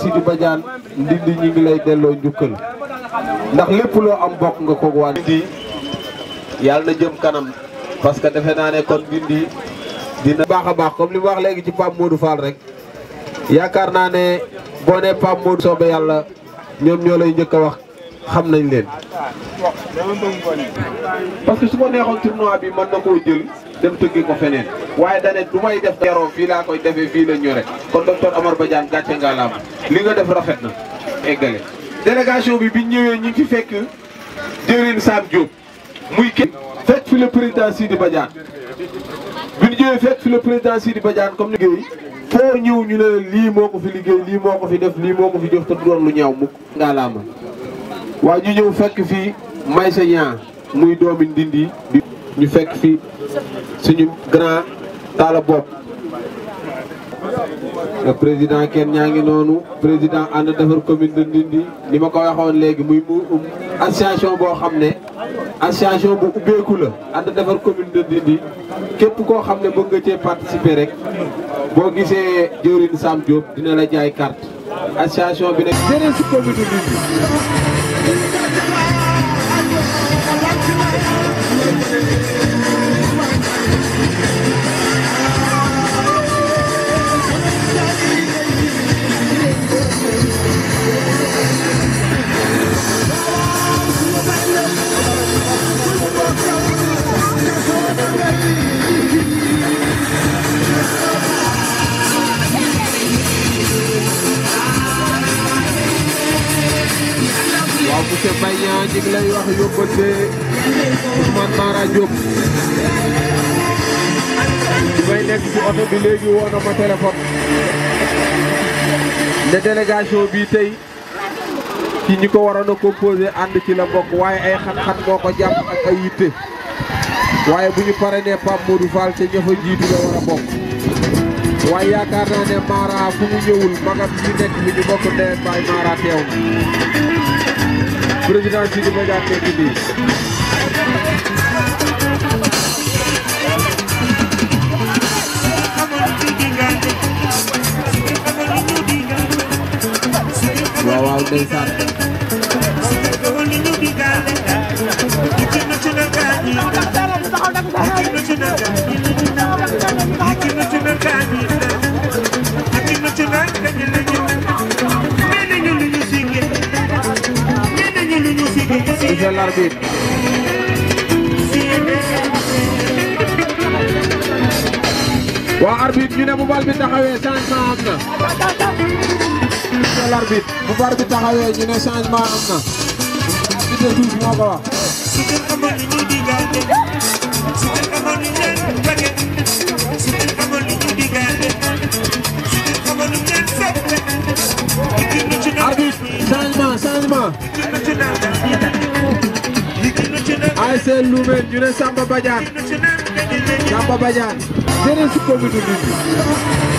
Sidi Badiane Ndindi ñi ngi lay delloo njukkal ndax lépp loo am bokk nga ko waan Ndindi yàlla jëm kanam parce que defe naa ne kon Ndindi dina baax a baax comme li mu léegi ci Pape du Fall rek yaakaar naa ne boo nee Pape Modou soobee yàlla ñoom ñoo lay njëkk a wax xam nañ leen dem tëggi ko feneen waaye dane du may def yaroo fii laa koy defee fii la ñore kon docteur Omar Badiane gàcce nga laam li nga def rafet na eggale délégation bi biñ ñëwee ñi ngi ci fekk jëwriñ Sam Diop muy kii fekk fi le président Sidi Badiane bi ñu ñëwee fekk fi le président Sidi Badiane comme ni liggéey foo ñëw ñu ne lii moo ko fi liggéey lii moo ko fi def lii moo ko fi jox te du doon lu ñaaw mu ngaa laama waaye ñu ñëw fekk fi Maysa Niang mu doomi Ndindi ñu fekk suñu grand taala bopp président kenn ñaa ngi noonu président ànd defar commune de Ndindi ma ko waxoon léegi muy mu um, association boo xam ne association bu ubbeeku la ànd defar commune de Ndindi képp koo xam ne bëgg nga cee participer rek boo gisee jëwriñ Sam Diop dina la jaay carte association bi nag jëree si commune de ngi lay wax yóbbante Ousmane Mara Diop may nekk ci oto bi léegi woo na ma téléphone ne délégation bi tey ci ñi ko waroon a composé ànd ci la bokk waaye ay xat-xat moo ko jàpp ak ay yitte waaye bu ñu pare ne Pape Modou Fall te ña jiitu la war a bokk waaye yaakaar naa ne Mara fu mu ñëwul magam yi nekk li bokk ndey ak baay teew président Sidi Média Tekki bi waaw waaw ndeysaan seed. waa arbitre ñu ne bu bal bi taxawee changement am na. l' arbitre bu bal bi taxawee ñu ne changement am na. arbitre de touche moo ko wax. arbitre changement changement. seen lumeen ñu ne Samba Badiane Samba Badiane jërëjëf ko bi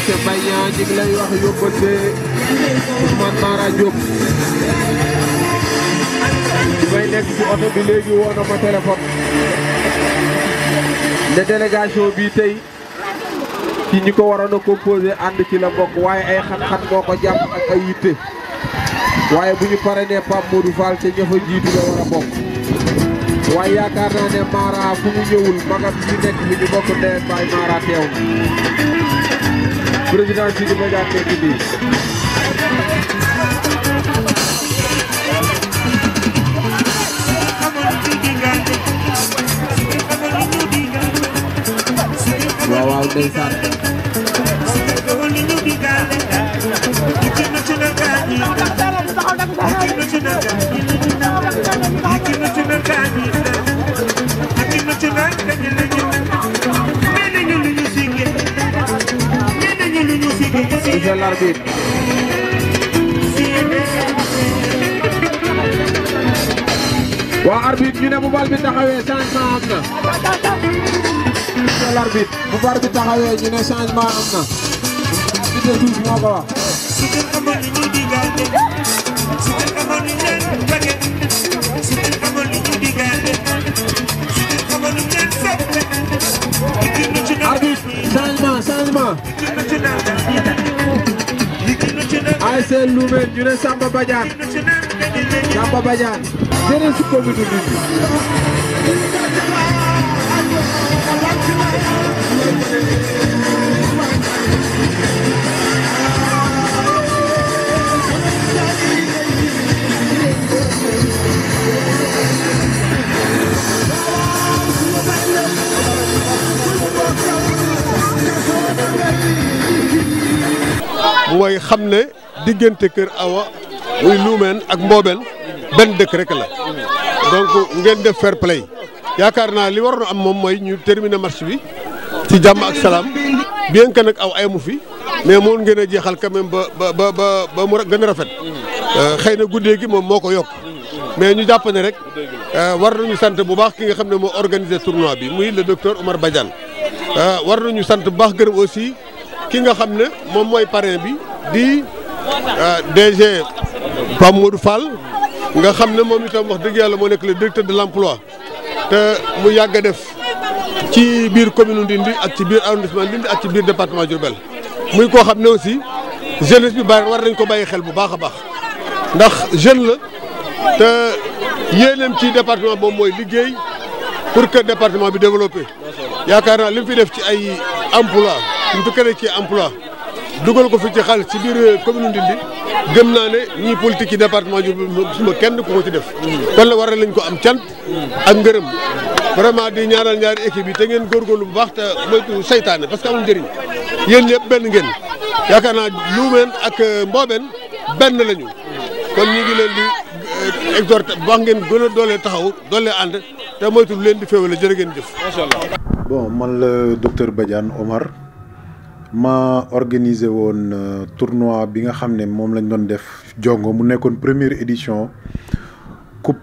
monsieur Baye ñu ngi lay wax yóbbante Ousmane Mara Diop di may nekk ci oto bi léegi woo na ma téléphone ne délégation bi tey ci ñi ko waroon a composé ànd ci la bokk waaye ay xat-xat moo ko jàpp ak ay yitte waaye bu ñu paree ne Pape Modou Fall te jiitu la war a bokk waaye yaakaar naa ne Mara fu mu ñëwul magam yi nekk bi bokk ndee baay Mara teew président Sidi Badiane tekki bi waaw waaw ndeysaan arbitre waa arbitre ñu ne bu bal bi taxawee changement am na ñu ne l'arbitre bu bal bi taxawee ñu ne changement am na ñu ne tuuti moo ko wax arbitre changement changement ASC Louvain ñu ne Samba Badiane Samba Badiane jërëjëf si commune bi mooy xam ne diggante Kër Awa muy Luumeen ak Mboobeen benn dëkk rek la donc ngeen def fair play yaakaar naa li waroon am moom mooy ñu terminer match bi ci jàmm ak salaam bien que nag aw ay mu fi mais moom ngeen a jeexal quand même ba ba ba ba ba mu gën a rafet euh, xëy na guddee gi moom moo ko yokk mais ñu jàpp ne rek euh, war nañu sant bu baax ki nga xam ne moo organisé tournoi bi muy le docteur Omar Badiane euh, war nañu sant bu baax gërëm aussi ki nga xam ne moom mooy parrain bi di. mu euh, Pape Modou Fall nga xam ne moom itam wax dëgg yàlla moo nekk le directeur de l'emploi te mu yàgg def ci biir commune Ndindi ak ci biir arrondissement Ndindi ak ci biir département Diourbel muy koo xam ne aussi jeune bi bari war nañ ko bàyyi xel bu baax a baax ndax jeune la te yéeneem ci département boobu mooy liggéey pour que département bi développé yaakaar naa lim fi def ci ay emploi li mu fi créé ci emploi dugal ko fi ci xaalis ci biir euh, commune Ndindi gëm naa ne ñii politique yi département Diourbel suma kenn ku ko ci def. kon la waral lañ ko am cant. ak ngërëm vraiment di ñaanal ñaari équipe yi te ngeen góorgóorlu bu baax te moytu seytaane parce que amul njëriñ yéen ñëpp benn ngeen yaakaar naa Luumeen ak euh, Mboobeen benn lañu. kon ñu ngi leen di euh, exhorté wax ngeen gën doolee taxaw doole ànd te moytu leen di féewale jërë ngeen jëf. macha allah. bon man la docteur Badiane Omar. ma organisé woon euh, tournoi bi nga xam ne moom lañ doon def jongo mu nekkoon première édition coupe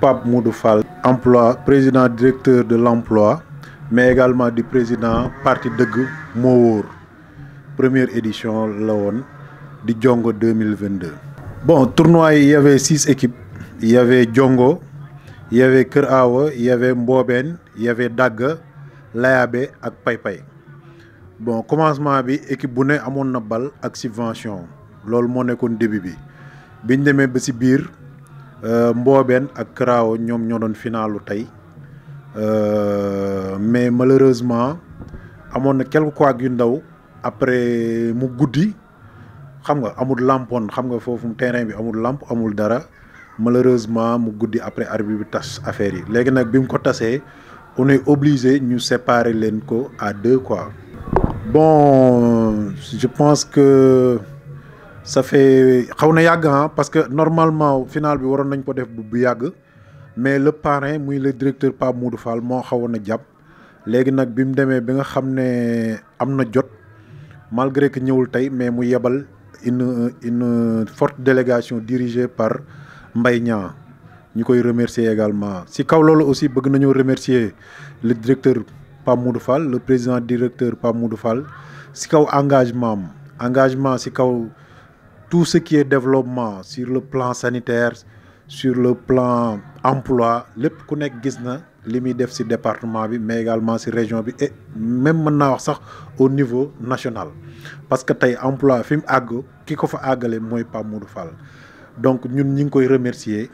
Pape Modou Fall emploi président directeur de l'emploi mais également di président parti dëgg moo wóor première édition la woon di jongo 2022 bon tournoi yi y avait six équipes y avait jongo y Kër Awa y avait Mbobeen y avait Dagga Layabe ak Paypay bon commencement bi équipe bu ne amoon na bal ak subvention loolu moo nekkoon début bi biñ demee ba si biir euh, mboobeen ak Crao ñoom ñoo doon finaalu tey euh, mais malheureusement amoon na quelques ak yu ndaw après mu guddi xam nga amul lampoon xam nga foofu terrain bi amul lamp amul dara malheureusement mu guddi après arbitre bu tas affaire yi léegi nag bi mu ko tasee on est obligé ñu séparer leen ko à deux quoi bon je pense que ça fait xaw na yàgg ah parce que normalement finale bi waroon nañ ko def bu yàgg mais le parrain muy le directeur Pape Moudou Fall moo xawoon na jàpp léegi nag bi mu demee bi nga xam ne am na jot malgré que ñëwul tey mais mu yebal une une forte délégation dirigée par Mbaye Niang ñu koy remercier également si kaw loolu aussi bëgg nañu remercier le directeur Pape Modou Fall le président directeur Pape Modou Fall si kaw engagement am engagement si kaw tout ce qui développement sur le plan sanitaire sur le plan emploi lépp ku nekk gis na li muy def si département bi mais également si région bi et même mën naa wax sax au niveau national parce que tey emploi fi mu àgg ki ko fa àggale mooy Pape Modou Fall donc ñun ñu ngi koy remercier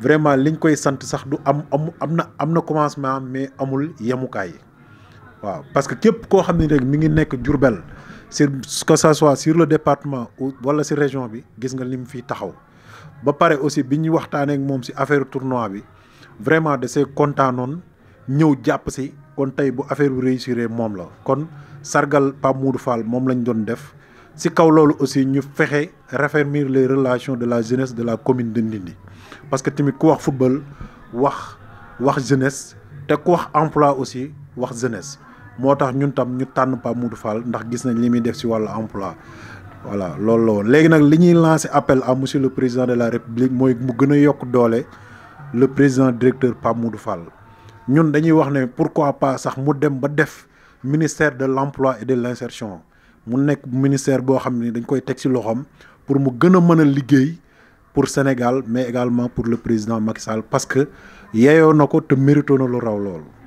vraiment liñ koy sant sax du am am am na am na commencement mais amul yemukaay waaw parce que képp koo xam ne rek mi ngi nekk Diourbel sur que ça soit sur le département ou wala si région bi gis nga lim fii taxaw ba pare aussi bi ñu waxtaaneek moom si affaire tournoi bi vraiment de see kontaanoon ñëw jàpp si kon tey bu affaire bu réussir moom la kon sargal Pape Modou Fall moom lañ doon def si kaw loolu aussi ñu fexe raffermir les relations de la jeunesse de la commune de Ndindy parce que tamit ku wax football wax wax jeunesse te ku wax emploi aussi wax jeunesse. moo tax ñun tam ñu tànn Pape Modou Fall ndax gis nañ li muy def si wàlla emploi voilà loolu la woon léegi nag li ñuy lancé appel à monsieur le président de la république mooy mu gën a yokk doole le président directeur Pape Modou Fall ñun dañuy wax ne pourquoi pas sax mu dem ba def ministère de l'emploi et de l'insertion mu nekk ministère boo xam ni dañ koy teg ci loxoom pour mu gën a mën a liggéey pour Sénégal mais également pour le président Macky Sall parce que yeeyoo na ko mérito na lu raw loolu